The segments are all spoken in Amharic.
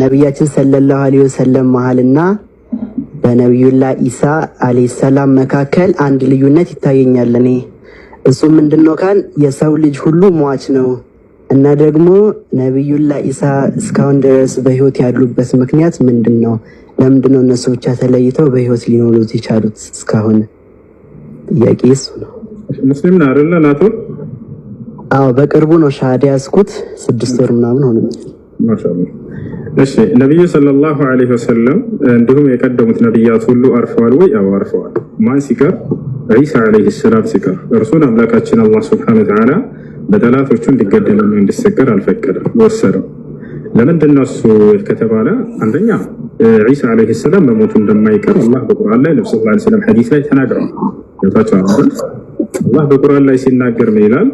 ነቢያችን ሰለላሁ ዐለይሂ ወሰለም መሀልና በነቢዩላ ኢሳ ዐለይሂ ሰላም መካከል አንድ ልዩነት ይታየኛል። እኔ እሱ ምንድነው ካል የሰው ልጅ ሁሉ ሟች ነው እና ደግሞ ነቢዩላ ኢሳ እስካሁን ድረስ በህይወት ያሉበት ምክንያት ምንድን ነው? ለምንድነው እነሱ ብቻ ተለይተው በህይወት ሊኖሩት የቻሉት እስካሁን? ጥያቄ እሱ ነው። ሙስሊም ነህ አይደለ? አዎ፣ በቅርቡ ነው ሻሃዳ ያስኩት። ስድስት ወር ምናምን ሆነ። እሺ ነቢዩ ሰለላሁ ዐለይሂ ወሰለም እንዲሁም የቀደሙት ነቢያት ሁሉ አርፈዋል ወይ? አዎ አርፈዋል። ማን ሲቀር? ዒሳ ዐለይሂ ሰላም ሲቀር። እርሱን አምላካችን አላህ ስብሐነ ወተዓላ በጠላቶቹ እንዲገደልና እንዲሰቀል አልፈቀደም፣ ወሰደው። ለምንድን ነው እሱ ከተባለ አንደኛ ዒሳ ዐለይሂ ሰላም መሞቱ እንደማይቀር አላህ በቁርአን ላይ ነብዩ ሰለላሁ ዐለይሂ ወሰለም ሐዲስ ላይ ተናግረዋል። አላህ በቁርአን ላይ ሲናገር ምን ይላል?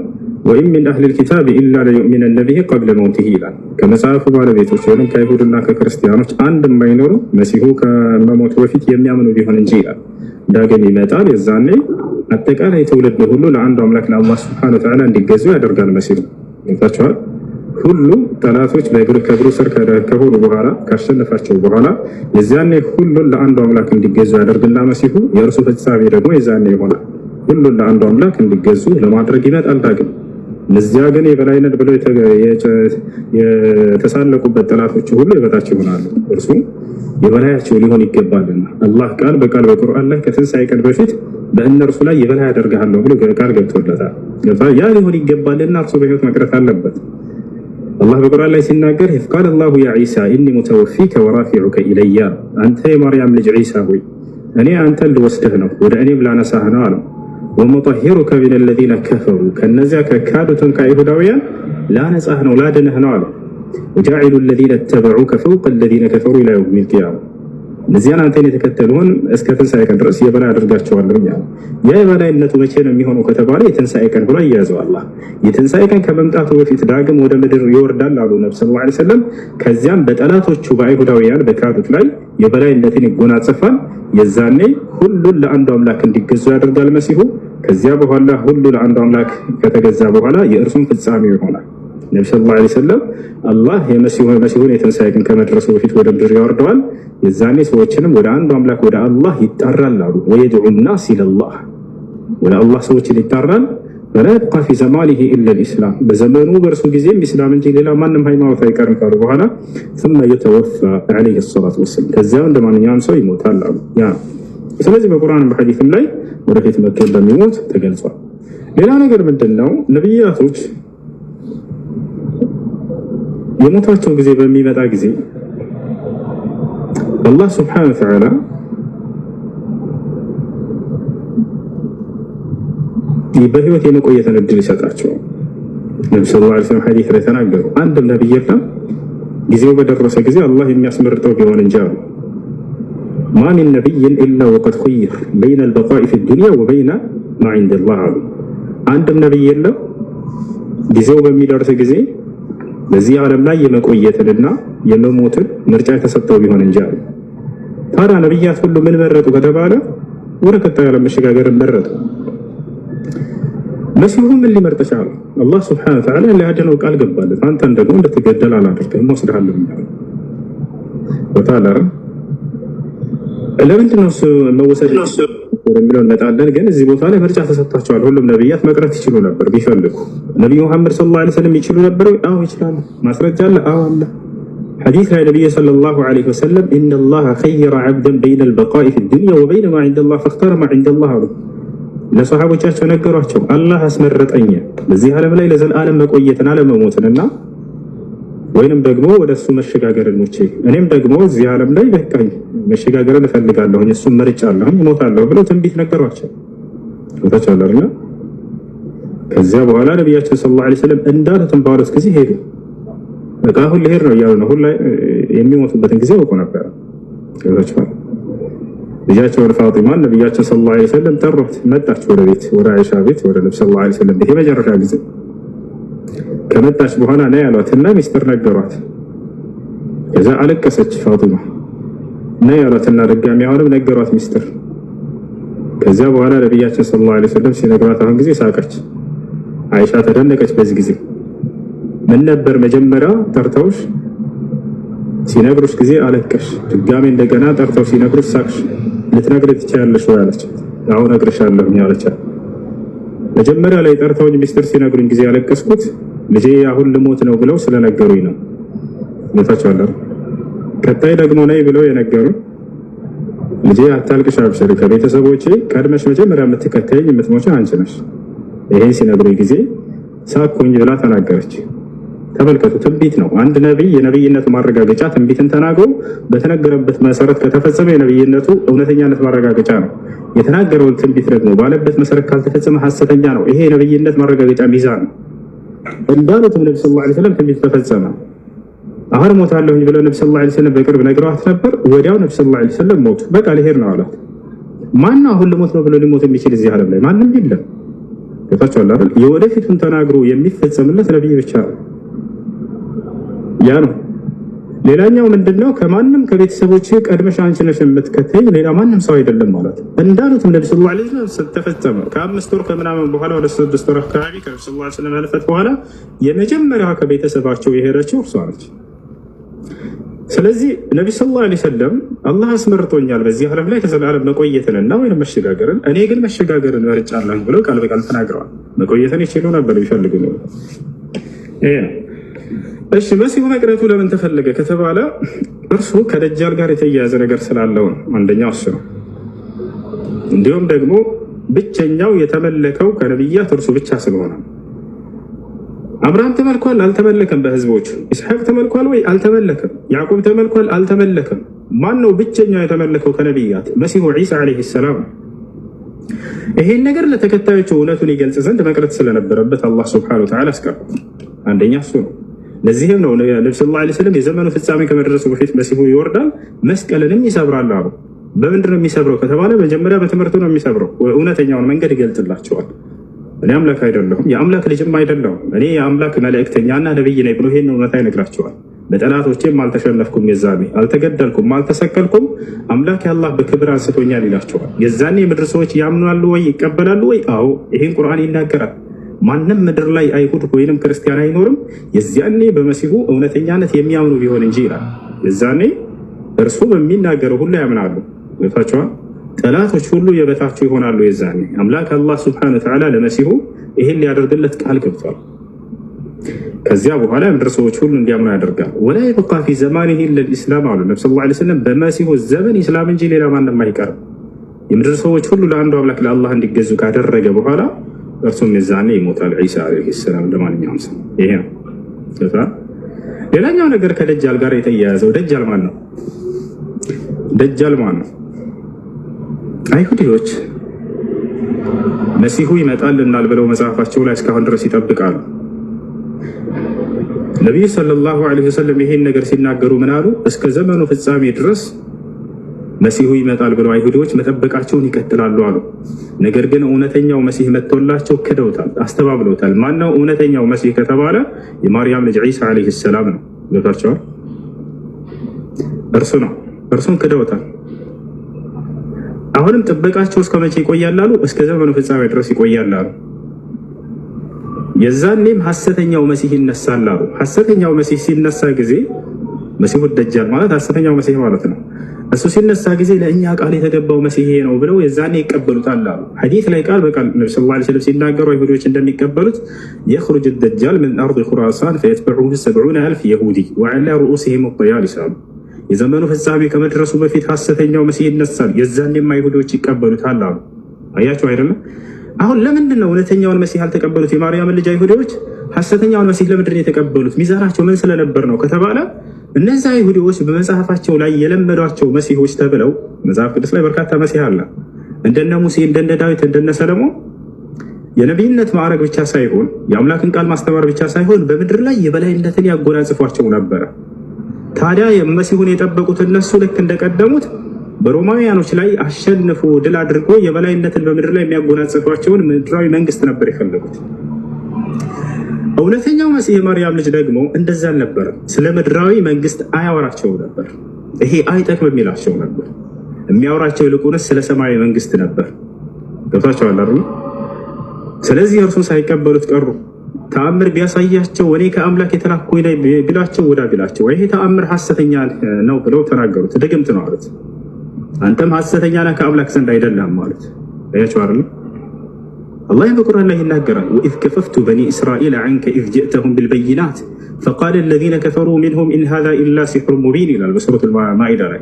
ወይም ሚን አህሊል ኪታብ ኢላ ለዩእሚነነ ቢሂ ቀብለ መውቲሂ ይላል። ከመጽሐፉ ባለቤቶች ወይም ከአይሁድና ከክርስቲያኖች አንድ የማይኖሩ መሲሁ ከመሞቱ በፊት የሚያምኑ ቢሆን እንጂ ይላል። ዳግም ይመጣል። የዛኔ አጠቃላይ ትውልድ ሁሉ ለአንዱ አምላክ ለአላህ ስብሐነ ወተዓላ እንዲገዙ ያደርጋል። መሲሁ ታቸዋል። ሁሉም ጠላቶች ከእግሩ ስር ከሆኑ በኋላ ካሸነፋቸው በኋላ የዚያኔ ሁሉን ለአንዱ አምላክ እንዲገዙ ያደርግና መሲሁ የእርሱ ፍጻሜ ደግሞ የዛኔ ይሆናል። ሁሉን ለአንዱ አምላክ እንዲገዙ ለማድረግ ይመጣል ዳግም እነዚያ ግን የበላይ ብለው የተሳለቁበት ጠላቶች ሁሉ የበታች ይሆናሉ። እርሱ የበላያቸው ሊሆን ይገባልና አላህ ቃል በቃል በቁርአን ላይ ከትንሣኤ ቀን በፊት በእነርሱ ላይ የበላይ ያደርግሃለሁ ብሎ ቃል ገብቶለታል። ያ ሊሆን ይገባልና እርሱ በሕይወት መቅረት አለበት። አላህ በቁርአን ላይ ሲናገር ቃል አላሁ ያ ዒሳ ኢኒ ሙተወፊከ ወራፊዑከ ኢለያ አንተ የማርያም ልጅ ዒሳ ሆይ እኔ አንተን ልወስድህ ነው ወደ እኔም ላነሳህ ነው አለው። ወሙጠሂሩከ ሚነ ለዚነ ከፈሩ ከነዚያ ከካዱትን ከአይሁዳውያን ላነጻህ ነው ላድንህ ነው አለ። ወጃዒሉ ለዚነ ተበዑከ ፈውቀ ለዚነ ከፈሩ ኢላ የውሚል ቂያማ እነዚያን አንተን የተከተሉን እስከ ትንሣኤ ቀን ድረስ የበላይ አድርጋቸዋለሁ አለ። ያ የበላይነቱ መቼ ነው የሚሆነው ከተባለ የትንሣኤ ቀን ብሎ አያያዘው አላህ። የትንሣኤ ቀን ከመምጣቱ በፊት ዳግም ወደ ምድር ይወርዳል አሉ ነቢ ሰለላሁ ዐለይሂ ወሰለም። ከዚያም በጠላቶቹ በአይሁዳውያን በካዱት ላይ የበላይነትን ይጎናጽፋል። የዛኔ ሁሉን ለአንዱ አምላክ እንዲገዙ ያደርጋል መሲሁ ከዚያ በኋላ ሁሉ ለአንድ አምላክ ከተገዛ በኋላ የእርሱም ፍጻሜ ይሆናል። ነቢ ስ ላ ሰለም አላህ የመሲሁን የትንሣኤ ግን ከመድረሱ በፊት ወደ ምድር ያወርደዋል። የዛኔ ሰዎችንም ወደ አንዱ አምላክ ወደ አላህ ይጣራል አሉ። ወየድዑ ናስ ኢለላህ ወደ አላህ ሰዎችን ይጣራል። ወላ ይብቃ ፊ ዘማኒሂ ኢላ ልእስላም በዘመኑ በእርሱ ጊዜም ኢስላም እንጂ ሌላ ማንም ሃይማኖት አይቀርም ካሉ በኋላ ثመ የተወፋ ዐለይሂ ሰላቱ ወሰላም ከዚያም እንደ ማንኛውም ሰው ይሞታል አሉ። ስለዚህ በቁርአንም በሐዲስም ላይ ወደፊት መጥቶ እንደሚሞት ተገልጿል። ሌላ ነገር ምንድን ነው? ነቢያቶች የሞታቸው ጊዜ በሚመጣ ጊዜ አላህ ስብሐነ ወተዓላ በህይወት የመቆየትን እድል ይሰጣቸዋል። ነቢ ስ ላ ስለም ሐዲስ ላይ ተናገሩ። አንድም ነቢይ የለም ጊዜው በደረሰ ጊዜ አላህ የሚያስመርጠው ቢሆን እንጂ አሉ ማ ሚን ነቢይን ኢላ ወቀድ ኩይር በይነ አልበቃኢ ፊ ዱንያ ወበይነ ማ ዒንደላህ አሉ። አንድም ነቢይ የለም ጊዜው በሚደርስ ጊዜ በዚህ ዓለም ላይ የመቆየትንና የመሞትን ምርጫ የተሰጠው ቢሆን እንጂ አሉ። ታዲያ ነቢያት ሁሉ ምን መረጡ ከተባለ ወደ ቀጣዩ ዓለም መሸጋገርን መረጡ። መሲሁም ምን ሊመርጥ ቻለ? አላህ ስብሐነሁ ወተዓላ ሊያድነው ቃል ገባለት። አንተን ደግሞ እንደተገደል አላደርግህም እወስድሃለሁ ለምንድን ነው መወሰድ የሚለው እንመጣለን። ግን እዚህ ቦታ ላይ ምርጫ ተሰጥቷቸዋል። ሁሉም ነብያት መቅረት ይችሉ ነበር ቢፈልጉ። ነቢዩ መሐመድ ሰለላሁ ዐለይሂ ወሰለም ይችሉ ነበር? አዎ ይችላሉ። ማስረጃ አለ። አዎ አለ። ሐዲስ ላይ ነቢዩ ሰለላሁ ዐለይሂ ወሰለም ኢነላህ ኸየረ ዐብደን በይነ አልበቃኢ ፊ ዱንያ ወበይነ ማ ዐንደላህ ፈኽተረ ማ ዐንደላህ አሉ። ለሰሓቦቻቸው ነገሯቸው። አላህ አስመረጠኝ በዚህ ዓለም ላይ ለዘላለም መቆየትን አለመሞትን ወይንም ደግሞ ወደ እሱ መሸጋገር ውጭ እኔም ደግሞ እዚህ ዓለም ላይ በቃኝ መሸጋገርን እፈልጋለሁኝ እሱም መርጫለሁኝ እሞታለሁ ብለው ትንቢት ነገሯቸው። ታቻለርና ከዚያ በኋላ ነቢያችን ሰለላሁ ዐለይሂ ወሰለም እንዳሉትን ባሉት ጊዜ ሄዱ። በቃ ሁሉ ሄድ ነው እያሉ ነው። ሁላ የሚሞቱበትን ጊዜ አውቁ ነበረ። ታቻለ ልጃቸውን ፋጢማን ነቢያችን ሰለላሁ ዐለይሂ ወሰለም ጠሯት። መጣች ወደ ቤት ወደ አይሻ ቤት ወደ ነብዩ ሰለላሁ ዐለይሂ ወሰለም ቤት የመጨረሻ ጊዜ ከመጣች በኋላ ላይ እና ሚስጥር ነገሯት። ከዛ አለቀሰች ፋጢማ እና ያሏትና ደጋሚ አሁንም ነገሯት ሚስጥር። ከዚያ በኋላ ነቢያችን ሰለላሁ ዓለይሂ ወሰለም ሲነግሯት አሁን ጊዜ ሳቀች። አይሻ ተደነቀች። በዚህ ጊዜ ምን ነበር መጀመሪያ ጠርተውሽ ሲነግሩሽ ጊዜ አለቀሽ፣ ድጋሜ እንደገና ጠርተው ሲነግሩሽ ሳቅሽ። ልትነግር ትችያለሽ ወይ አለች። አሁን እነግርሻለሁ አለቻት። መጀመሪያ ላይ ጠርተውኝ ሚስጥር ሲነግሩኝ ጊዜ ያለቀስኩት ልጄ አሁን ልሞት ነው ብለው ስለነገሩኝ ነው። ሞታቸዋለ። ቀጣይ ደግሞ ነይ ብለው የነገሩ ልጄ አታልቅሽ፣ አብሽሪ ከቤተሰቦቼ ቀድመሽ መጀመሪያ የምትከተይኝ የምትሞችን አንቺ ነሽ። ይሄን ሲነግሩ ጊዜ ሳኩኝ ብላ ተናገረች። ተመልከቱ፣ ትንቢት ነው። አንድ ነቢይ የነቢይነቱ ማረጋገጫ ትንቢትን ተናግሮ በተነገረበት መሰረት ከተፈጸመ የነቢይነቱ እውነተኛነት ማረጋገጫ ነው። የተናገረውን ትንቢት ደግሞ ባለበት መሰረት ካልተፈጸመ ሐሰተኛ ነው። ይሄ የነቢይነት ማረጋገጫ ሚዛን ነው። እንዳሉትም ነቢ ስለ ላ ስለም ትንቢት ተፈጸመ። አሁን ሞታለሁኝ ብለው ነቢ ስለ ላ ስለም በቅርብ ነግረዋት ነበር። ወዲያው ነቢ ስለ ላ ስለም ሞቱ። በቃ ልሄድ ነው አላት። ማና አሁን ልሞት ነው ብሎ ሊሞት የሚችል እዚህ ዓለም ላይ ማንም የለም። ገታቸዋል አይደል? የወደፊቱን ተናግሮ የሚፈጸምለት ነቢይ ብቻ ነው። ያ ነው። ሌላኛው ምንድነው? ከማንም ከቤተሰቦች ቀድመሽ አንቺ ነሽ የምትከተኝ ሌላ ማንም ሰው አይደለም ማለት እንዳሉት ነቢ ስ ላ ስለም ተፈጸመ። ከአምስት ወር ከምናምን በኋላ ወደ ስድስት ወር አካባቢ ከነቢ ስ ላ ስለም ህልፈት በኋላ የመጀመሪያ ከቤተሰባቸው የሄደችው እርሷ ነች። ስለዚህ ነቢ ስ ላ ሰለም አላህ አስመርጦኛል በዚህ ዓለም ላይ ከዚህ ዓለም መቆየትንና ወይም መሸጋገርን፣ እኔ ግን መሸጋገርን መርጫለን ብለው ቃል በቃል ተናግረዋል። መቆየትን ይችሉ ነበር ቢፈልጉ ነው። እሺ መሲሁ መቅረቱ ለምን ተፈለገ ከተባለ እርሱ ከደጃል ጋር የተያያዘ ነገር ስላለው ነው። አንደኛው እሱ ነው። እንዲሁም ደግሞ ብቸኛው የተመለከው ከነቢያት እርሱ ብቻ ስለሆነ አብርሃም ተመልኳል፣ አልተመለከም። በህዝቦቹ ኢስሐቅ ተመልኳል ወይ አልተመለከም። ያዕቆብ ተመልኳል፣ አልተመለከም። ማን ነው ብቸኛው የተመለከው ከነቢያት? መሲሁ ዒሳ ዓለይሂ ሰላም። ይሄን ነገር ለተከታዮቹ እውነቱን ይገልጽ ዘንድ መቅረት ስለነበረበት አላህ ስብሐነሁ ወተዓላ አስቀረ። አንደኛ እሱ ነው። ለዚህም ነው ነቢ ስ ላ ስለም የዘመኑ ፍጻሜ ከመድረሱ በፊት መሲሁ ይወርዳል፣ መስቀልንም ይሰብራል አሉ። በምንድን ነው የሚሰብረው ከተባለ መጀመሪያ በትምህርቱ ነው የሚሰብረው። እውነተኛውን መንገድ ይገልጥላቸዋል። እኔ አምላክ አይደለሁም፣ የአምላክ ልጅም አይደለሁም። እኔ የአምላክ መልእክተኛና ነብይ ነኝ ብሎ ይህን እውነታ ይነግራቸዋል። በጠላቶቼም አልተሸነፍኩም፣ የዛኔ አልተገደልኩም፣ አልተሰቀልኩም፣ አምላክ ያላህ በክብር አንስቶኛል ይላቸዋል። የዛኔ የምድር ሰዎች ያምናሉ ወይ ይቀበላሉ ወይ? አዎ ይህን ቁርአን ይናገራል። ማንም ምድር ላይ አይሁድ ወይንም ክርስቲያን አይኖርም የዚያኔ በመሲሁ እውነተኛነት የሚያምኑ ቢሆን እንጂ ይላል። የዛኔ እርሱ በሚናገረው ሁሉ ያምናሉ። ገብታችኋል? ጠላቶች ሁሉ የበታቸው ይሆናሉ። የዛኔ አምላክ አላህ ስብሐነ ወተዓላ ለመሲሁ ይህን ሊያደርግለት ቃል ገብቷል። ከዚያ በኋላ ምድር ሰዎች ሁሉ እንዲያምኑ ያደርጋል። ወላ የበቃ ፊ ዘማን ይህ ለልእስላም አሉ ነብ ስ ስለም በመሲሁ ዘመን ኢስላም እንጂ ሌላ ማንም አይቀርም። የምድር ሰዎች ሁሉ ለአንዱ አምላክ ለአላህ እንዲገዙ ካደረገ በኋላ እርሱም የዛኔ ይሞታል ዒሳ ዓለይሂ ሰላም ለማንኛውም ሰው ይሄ ነው። ሌላኛው ነገር ከደጃል ጋር የተያያዘው ደጃል ማን ነው? ደጃል ማን ነው? አይሁዲዎች መሲሁ ይመጣልናል ብለው መጽሐፋቸው ላይ እስካሁን ድረስ ይጠብቃሉ። ነቢዩ ሰለላሁ ዓለይሂ ወሰለም ይሄን ነገር ሲናገሩ ምን አሉ? እስከ ዘመኑ ፍጻሜ ድረስ መሲሁ ይመጣል ብለው አይሁዶች መጠበቃቸውን ይቀጥላሉ አሉ። ነገር ግን እውነተኛው መሲህ መጥቶላቸው ክደውታል፣ አስተባብለውታል። ማነው እውነተኛው መሲህ ከተባለ የማርያም ልጅ ዒሳ ዓለይሂ ሰላም ነው። ገብታቸዋል። እርሱ ነው። እርሱን ክደውታል። አሁንም ጥበቃቸው እስከ መቼ ይቆያላሉ? እስከ ዘመኑ ፍጻሜ ድረስ ይቆያላሉ። የዛኔም ሐሰተኛው መሲህ ይነሳል አሉ። ሐሰተኛው መሲህ ሲነሳ ጊዜ መሲሁ ደጃል ማለት ሐሰተኛው መሲህ ማለት ነው እሱ ሲነሳ ጊዜ ለእኛ ቃል የተገባው መሲሄ ነው ብለው የዛኔ ይቀበሉታል አሉ። ሐዲት ላይ ቃል በቃል ነቢ ስ ላ ስለም ሲናገሩ አይሁዶች እንደሚቀበሉት የኽሩጅ ደጃል ምን አርድ ኩራሳን ፈየትበዑሁ ሰብዑነ አልፍ የሁዲ ወዐላ ሩኡሲሂም ጠያል ይስላሉ። የዘመኑ ፍጻሜ ከመድረሱ በፊት ሐሰተኛው መሲህ ይነሳል፣ የዛኔም አይሁዶች ይቀበሉታል አሉ። አያቸው አይደለም። አሁን ለምንድን ነው እውነተኛውን መሲህ ያልተቀበሉት የማርያምን ልጅ አይሁዶች? ሐሰተኛውን መሲህ ለምድር የተቀበሉት ሚዛናቸው ምን ስለነበር ነው ከተባለ እነዚያ ይሁዲዎች በመጽሐፋቸው ላይ የለመዷቸው መሲሆች ተብለው መጽሐፍ ቅዱስ ላይ በርካታ መሲህ አለ። እንደነ ሙሴ፣ እንደነ ዳዊት፣ እንደነ ሰለሞን የነቢይነት ማዕረግ ብቻ ሳይሆን የአምላክን ቃል ማስተማር ብቻ ሳይሆን በምድር ላይ የበላይነትን ያጎናጽፏቸው ነበረ። ታዲያ የመሲሁን የጠበቁት እነሱ ልክ እንደቀደሙት በሮማውያኖች ላይ አሸንፎ ድል አድርጎ የበላይነትን በምድር ላይ የሚያጎናጽፏቸውን ምድራዊ መንግስት ነበር የፈለጉት። እውነተኛው መሲህ የማርያም ልጅ ደግሞ እንደዛ አልነበረም። ስለ ምድራዊ መንግስት አያወራቸው ነበር። ይሄ አይጠቅም የሚላቸው ነበር። የሚያወራቸው ይልቁንስ ስለ ሰማያዊ መንግስት ነበር። ገብታቸዋል አይደል? ስለዚህ እርሱን ሳይቀበሉት ቀሩ። ተአምር ቢያሳያቸው እኔ ከአምላክ የተላኩኝ ላይ ቢላቸው ወዳ ቢላቸው ይሄ ተአምር ሐሰተኛ ነው ብለው ተናገሩት። ድግምት ነው አሉት። አንተም ሐሰተኛ ነህ ከአምላክ ዘንድ አይደለም አሉት። ያቸው አይደለም አላህ በቁርአን ላይ ይናገራል። ወኢዝ ከፈፍቱ በኒ እስራኤል አንከ ኢዝ ጀእተሁም ቢልበይናት ፈቃለ ለዚነ ከፈሩ ሚንሁም ኢን ሃዛ ኢላ ሲሕሩ ሙቢን ይላል በሱረት ማኢዳ ላይ።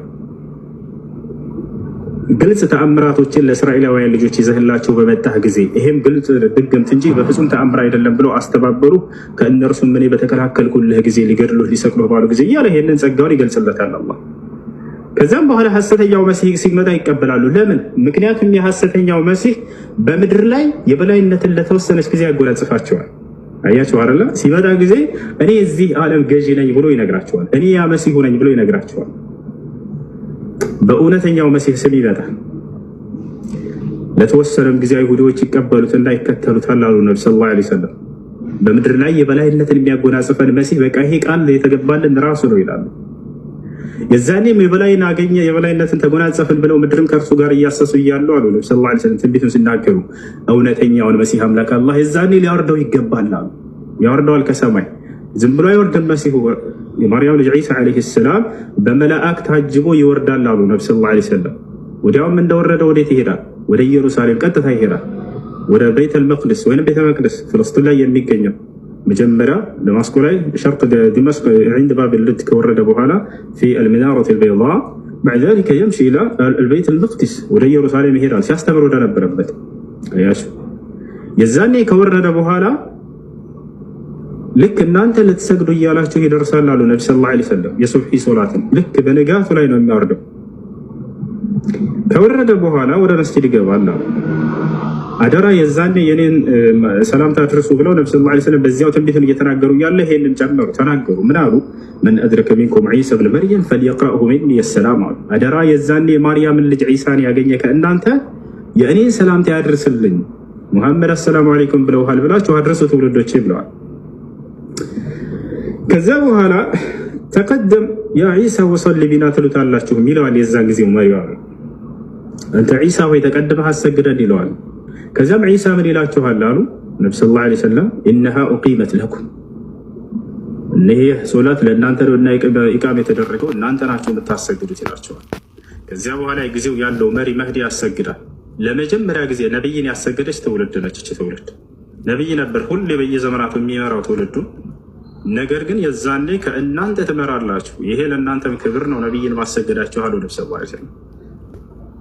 ግልጽ ተአምራቶችን ለእስራኤላውያን ልጆች ይዘህላቸው በመጣህ ጊዜ ይህም ግልጽ ድግምት እንጂ በፍጹም ተአምር አይደለም ብለው አስተባበሩ። ከእነርሱም እኔ በተከላከልኩልህ ጊዜ ሊገድሉህ ሊሰቅሉህ ባሉ ጊዜ እያለ ይህንን ጸጋውን ይገልጽለታል አላህ ከዚያም በኋላ ሐሰተኛው መሲህ ሲመጣ ይቀበላሉ። ለምን? ምክንያቱም የሐሰተኛው መሲህ በምድር ላይ የበላይነትን ለተወሰነች ጊዜ ያጎናጽፋቸዋል። አያቸው አለ ሲመጣ ጊዜ እኔ የዚህ ዓለም ገዢ ነኝ ብሎ ይነግራቸዋል። እኔ ያ መሲሁ ነኝ ብሎ ይነግራቸዋል። በእውነተኛው መሲህ ስም ይመጣል። ለተወሰነም ጊዜ አይሁዶች ይቀበሉት እንዳይከተሉት አላሉ ነቢ ስ ላ ሰለም። በምድር ላይ የበላይነትን የሚያጎናጽፈን መሲህ በቃ ይሄ ቃል የተገባልን ራሱ ነው ይላሉ። የዛኔም የበላይን አገኘ የበላይነትን ተጎናጸፍን ብለው ምድርም ከእርሱ ጋር እያሰሱ እያሉ አሉ ነቢ ስለ ስለም ትንቢቱን ሲናገሩ እውነተኛውን መሲህ አምላክ አላህ የዛኔ ሊያወርደው ይገባል አሉ። ያወርደዋል ከሰማይ ዝም ብሎ አይወርድም። መሲሁ የማርያም ልጅ ዒሳ ዓለይሂ ሰላም በመላእክ ታጅቦ ይወርዳል አሉ ነቢ ስለ ላ ሰለም። ወዲያውም እንደወረደ ወዴት ይሄዳል? ወደ ኢየሩሳሌም ቀጥታ ይሄዳል። ወደ ቤተል ወይም ቤተ መቅደስ ፍልስጥን ላይ የሚገኘው መጀመሪያ ደማስቆ ላይ ሸርቅ ደማስቅ ዒንድ ባቢል ከወረደ በኋላ ፊ አልሚናረት ልበይዳ ባዕድ የምሺ ኢላ አልበይት አልመቅዲስ ወደ ኢየሩሳሌም ይሄዳል፣ ሲያስተምር ወደ ነበረበት አያችሁ። የዛኔ ከወረደ በኋላ ልክ እናንተ ልትሰግዱ እያላችሁ ይደርሳል አሉ ነቢ ስለ ላ ሰለም የሱብሒ ሶላትን ልክ በንጋቱ ላይ ነው የሚያወርደው። ከወረደ በኋላ ወደ መስጂድ ይገባል አሉ አደራ የዛኔ የኔን ሰላምታ አድርሱ ብለው ነብ ስ ስለም በዚያው ትንቢትን እየተናገሩ ያለ ይሄንን ጨመሩ ተናገሩ። ምን አሉ? ምን አድረከ ሚንኩም ዒሳ ብን መርየም ፈልየቅረሁ ሚኒ የሰላም አሉ። አደራ የዛኔ የማርያምን ልጅ ዒሳን ያገኘ ከእናንተ የእኔን ሰላምታ ያድርስልኝ ሙሐመድ አሰላሙ አለይኩም ብለውሃል ብላችሁ አድርሱ ትውልዶቼ ብለዋል። ከዛ በኋላ ተቀደም ያ ዒሳ ወሰሊ ቢና ትሉታላችሁም ይለዋል። የዛን ጊዜ መሪ አንተ ዒሳ ሆይ ተቀድመህ አሰግደን ይለዋል። ከዚያም ዒሳ ምን ይላችኋል አሉ ነቢ ስ ላ ሰለም ኢነሃ ኡቂመት ለኩም እኒህ ሶላት ለእናንተ ነውና ኢቃም የተደረገው እናንተ ናቸው የምታሰግዱት ይላቸዋል። ከዚያ በኋላ ጊዜው ያለው መሪ መህዲ ያሰግዳል። ለመጀመሪያ ጊዜ ነቢይን ያሰገደች ትውልድ ነች። ይች ትውልድ ነቢይ ነበር ሁሌ በየዘመናቱ የሚመራው ትውልዱ። ነገር ግን የዛኔ ከእናንተ ትመራላችሁ፣ ይሄ ለእናንተም ክብር ነው፣ ነቢይን ማሰገዳችሁ አሉ ነብ ስ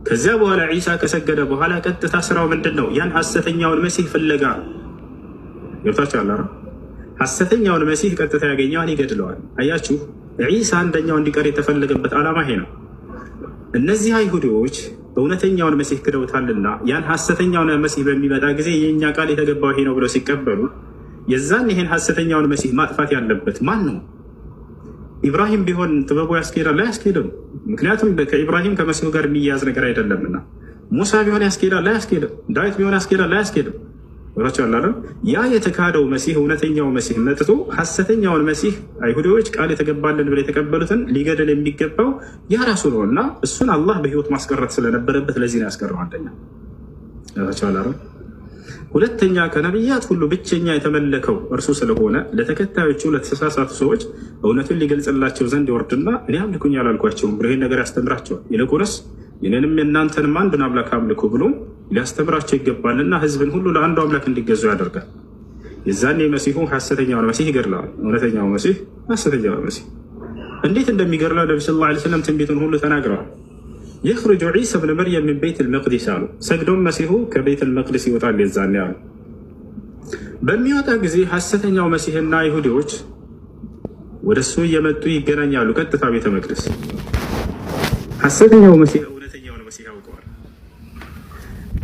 ከዚያ በኋላ ዒሳ ከሰገደ በኋላ ቀጥታ ስራው ምንድን ነው? ያን ሐሰተኛውን መሲህ ፍለጋ ገብታችኋል። ሐሰተኛውን መሲህ ቀጥታ ያገኘዋል፣ ይገድለዋል። አያችሁ፣ ዒሳ አንደኛው እንዲቀር የተፈለገበት ዓላማ ይሄ ነው። እነዚህ አይሁዶዎች እውነተኛውን መሲህ ክደውታልና ያን ሐሰተኛውን መሲህ በሚመጣ ጊዜ የእኛ ቃል የተገባው ይሄ ነው ብለው ሲቀበሉ የዛን ይህን ሐሰተኛውን መሲህ ማጥፋት ያለበት ማን ነው? ኢብራሂም ቢሆን ጥበቡ ያስኬዳል? አያስኬድም። ምክንያቱም ከኢብራሂም ከመሲሁ ጋር የሚያያዝ ነገር አይደለምና። ሙሳ ቢሆን ያስኬዳል? አያስኬድም። ዳዊት ቢሆን ያስኬዳል? አያስኬድም። ቻላለ ያ የተካደው መሲህ እውነተኛው መሲህ መጥቶ ሐሰተኛውን መሲህ አይሁዶዎች ቃል የተገባልን ብለው የተቀበሉትን ሊገደል የሚገባው ያ ራሱ ነው እና እሱን አላህ በህይወት ማስቀረት ስለነበረበት ለዚህ ነው ያስቀረው አንደኛ ሁለተኛ ከነቢያት ሁሉ ብቸኛ የተመለከው እርሱ ስለሆነ ለተከታዮቹ ለተሳሳቱ ሰዎች እውነቱን ሊገልጽላቸው ዘንድ ይወርድና እኔ አምልኩኝ አላልኳቸውም ብሎ ይህን ነገር ያስተምራቸዋል። ይልቁንስ ይህንንም የእናንተንም አንዱን አምላክ አምልኩ ብሎ ሊያስተምራቸው ይገባልና ህዝብን ሁሉ ለአንዱ አምላክ እንዲገዙ ያደርጋል። የዛኔ መሲሁ ሐሰተኛውን መሲህ ይገድለዋል። እውነተኛው መሲህ ሐሰተኛውን መሲህ እንዴት እንደሚገድለው ነቢ ስ ላ ስለም ትንቢቱን ሁሉ ተናግረዋል። የኽርጁ ዒሳ ብነ መርየም ምን ቤት ልመቅዲስ አሉ። ሰግዶም መሲሁ ከቤት ልመቅዲስ ይወጣል የዛኔ አሉ። በሚወጣ ጊዜ ሐሰተኛው መሲህና ይሁዲዎች ወደ እሱ እየመጡ ይገናኛሉ። ቀጥታ ቤተ መቅደስ ሐሰተኛው መሲህ እውነተኛውን መሲህ አውቀዋል።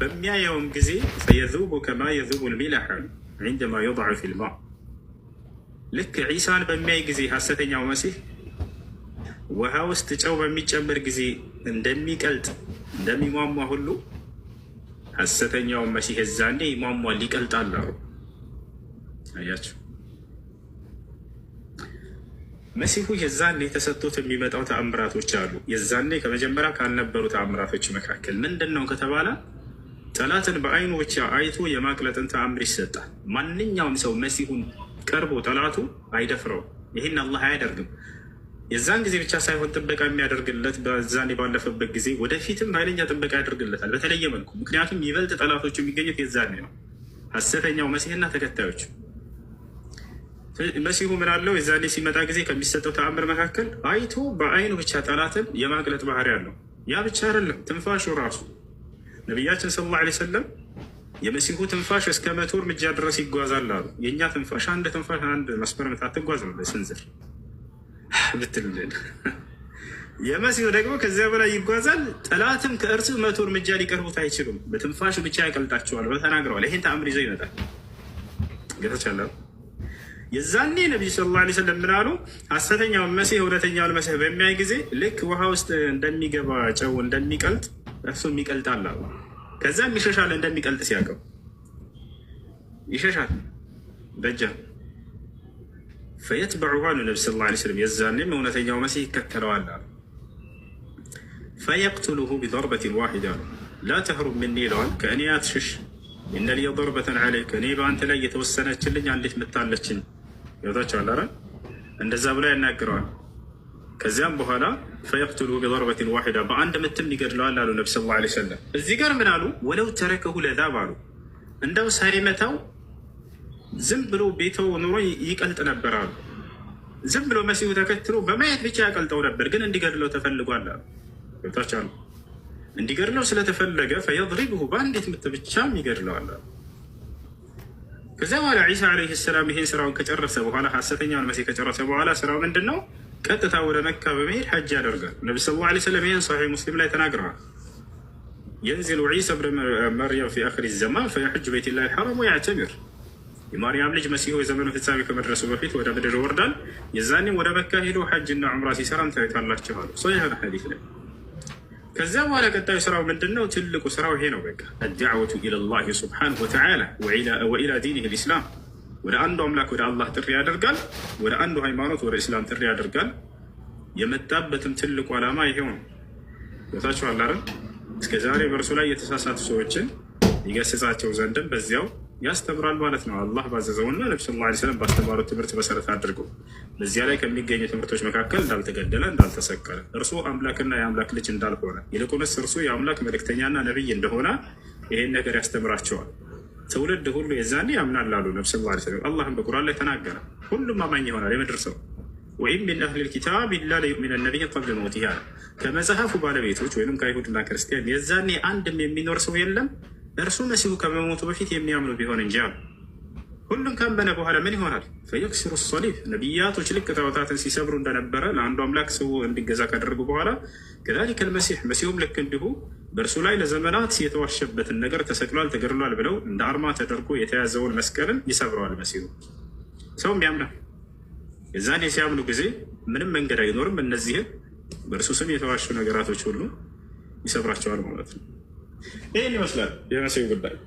በሚያየውም ጊዜ ፈየዙቡ ከማ የዙቡ ልሚላሕ አሉ ዩድዐ ፊልማ ልክ ዒሳን በሚያይ ጊዜ ሐሰተኛው መሲህ ውሃ ውስጥ ጨው በሚጨምር ጊዜ እንደሚቀልጥ እንደሚሟሟ ሁሉ ሀሰተኛው መሲህ ዛኔ ይሟሟል፣ ይቀልጣል አሉ። አያቸው መሲሁ የዛኔ የተሰጡት የሚመጣው ተአምራቶች አሉ። የዛኔ ከመጀመሪያ ካልነበሩ ተአምራቶች መካከል ምንድን ነው ከተባለ ጠላትን በአይኑ ብቻ አይቶ የማቅለጥን ተአምር ይሰጣል። ማንኛውም ሰው መሲሁን ቀርቦ ጠላቱ አይደፍረው ይህን አላህ አያደርግም። የዛን ጊዜ ብቻ ሳይሆን ጥበቃ የሚያደርግለት በዛኔ ባለፈበት ጊዜ ወደፊትም ኃይለኛ ጥበቃ ያደርግለታል በተለየ መልኩ። ምክንያቱም ይበልጥ ጠላቶች የሚገኙት የዛኔ ነው፣ ሐሰተኛው መሲህና ተከታዮች። መሲሁ ምን አለው? የዛኔ ሲመጣ ጊዜ ከሚሰጠው ተአምር መካከል አይቶ በአይኑ ብቻ ጠላትን የማቅለጥ ባህሪ አለው። ያ ብቻ አይደለም፣ ትንፋሹ ራሱ ነቢያችን ሰለላሁ ዓለይሂ ወሰለም የመሲሁ ትንፋሽ እስከ መቶ እርምጃ ድረስ ይጓዛል አሉ። የእኛ ትንፋሽ አንድ ትንፋሽ አንድ መስመር ትጓዝ ነው ስንዝር ብትሉልን የመሲሁ ደግሞ ከዚያ በላይ ይጓዛል። ጠላትም ከእርሱ መቶ እርምጃ ሊቀርቡት አይችሉም። በትንፋሹ ብቻ ያቀልጣቸዋል ብሎ ተናግረዋል። ይህን ተአምር ይዞ ይመጣል። ገተቻለ የዛኔ ነቢዩ ሰለላሁ ላ ስለም ምናሉ አሉ? ሐሰተኛውን መሲህ እውነተኛውን መሲህ በሚያይ ጊዜ ልክ ውሃ ውስጥ እንደሚገባ ጨው እንደሚቀልጥ እርሱም ይቀልጣል አሉ። ከዚያም ይሸሻል እንደሚቀልጥ ሲያውቀው ይሸሻል በጃ ፈየትበዑሃ አሉ ነቢ ስለ ላ ስለም የዛኔም እውነተኛው መሲህ ይከተለዋል አሉ። ፈየቅትሉሁ ቢደርበትን ዋሂድ አሉ። ላ ተህሩብ ምኒ ይለዋል፣ ከእኔ አትሽሽ። እነልየ ደርበተን ዓለይከ እኔ በአንተ ላይ የተወሰነችልኝ አንዲት ምታለችን ይወታቸዋል። አረ እንደዛ ብሎ ያናግረዋል። ከዚያም በኋላ ፈየቅትሉሁ ቢደርበትን ዋሂዳ በአንድ ምትም ይገድለዋል አሉ ነቢ ስለ ላ ሰለም። እዚህ ጋር ምን አሉ? ወለው ተረከሁ ለዛብ አሉ እንደው ሳይመታው ዝም ብሎ ቤተው ኑሮ ይቀልጥ ነበር አሉ። ዝም ብሎ መሲሁ ተከትሎ በማየት ብቻ ያቀልጠው ነበር፣ ግን እንዲገድለው ተፈልጓል አሉ። ገብታች እንዲገድለው ስለተፈለገ ፈየድሪብሁ በአንዲት ምት ብቻም ይገድለዋል አሉ። ከዚያ በኋላ ዒሳ ዓለይሂ ሰላም ይሄን ስራውን ከጨረሰ በኋላ ሐሰተኛውን መሲህ ከጨረሰ በኋላ ስራው ምንድን ነው? ቀጥታ ወደ መካ በመሄድ ሐጅ ያደርጋል። ነቢ ሰለላሁ ዓለይሂ ወሰለም ይህን ሶሒህ ሙስሊም ላይ ተናግረዋል። የንዚሉ ዒሳ ብን መርየም ፊ አኽሪ ዘማን ፈየሐጁ ቤትላሂል ሐረም ወያዕተሚር የማርያም ልጅ መሲሁ የዘመኑ ፍጻሜ ከመድረሱ በፊት ወደ ምድር ይወርዳል። የዛኔም ወደ መካ ሄዶ ሐጅና ዑምራ ሲሰራም ታዩታላችሁ አሉ። ሐዲስ ላይ ከዚያ በኋላ ቀጣዩ ስራው ምንድን ነው? ትልቁ ስራው ይሄ ነው። በቃ አዳዕወቱ ኢለላህ ስብሓነሁ ወተዓላ ወኢላ ዲኒህ ልኢስላም፣ ወደ አንዱ አምላክ ወደ አላህ ጥሪ ያደርጋል። ወደ አንዱ ሃይማኖት ወደ እስላም ጥሪ ያደርጋል። የመጣበትም ትልቁ ዓላማ ይሄው ነው። ቦታችኋል። እስከ ዛሬ በእርሱ ላይ የተሳሳቱ ሰዎችን ይገስጻቸው ዘንድም በዚያው ያስተምራል ማለት ነው። አላህ ባዘዘውና ነቢ ስ ላ ስለም ባስተማሩት ትምህርት መሰረት አድርጎ በዚያ ላይ ከሚገኙ ትምህርቶች መካከል እንዳልተገደለ፣ እንዳልተሰቀለ፣ እርሱ አምላክና የአምላክ ልጅ እንዳልሆነ፣ ይልቁንስ እርሱ የአምላክ መልእክተኛና ነቢይ እንደሆነ ይሄን ነገር ያስተምራቸዋል። ትውልድ ሁሉ የዛኔ ያምናል አሉ ነቢ ላ ስለም። አላህም በቁርአን ላይ ተናገረ። ሁሉም አማኝ ይሆናል የምድር ሰው ወይም ሚን አህል ልኪታብ ላ ለዩሚን ነቢይ ቀብል ሞት ያ ከመጽሐፉ ባለቤቶች ወይም ከአይሁድና ክርስቲያን የዛኔ አንድም የሚኖር ሰው የለም እርሱ መሲሁ ከመሞቱ በፊት የሚያምኑ ቢሆን እንጂ አሉ። ሁሉም ካመነ በኋላ ምን ይሆናል? ፈየክሲሩ ሶሊፍ ነቢያቶች ልክ ታቦታትን ሲሰብሩ እንደነበረ ለአንዱ አምላክ ሰው እንዲገዛ ካደረጉ በኋላ ከዛሊከ ልመሲሕ መሲሁም ልክ እንዲሁ በእርሱ ላይ ለዘመናት የተዋሸበትን ነገር ተሰቅሏል፣ ተገድሏል ብለው እንደ አርማ ተደርጎ የተያዘውን መስቀልን ይሰብረዋል። መሲሁ ሰውም ያምናል። የዛኔ ሲያምኑ ጊዜ ምንም መንገድ አይኖርም። እነዚህን በእርሱ ስም የተዋሹ ነገራቶች ሁሉ ይሰብራቸዋል ማለት ነው። ይህን ይመስላል የመሲሁ ጉዳይ።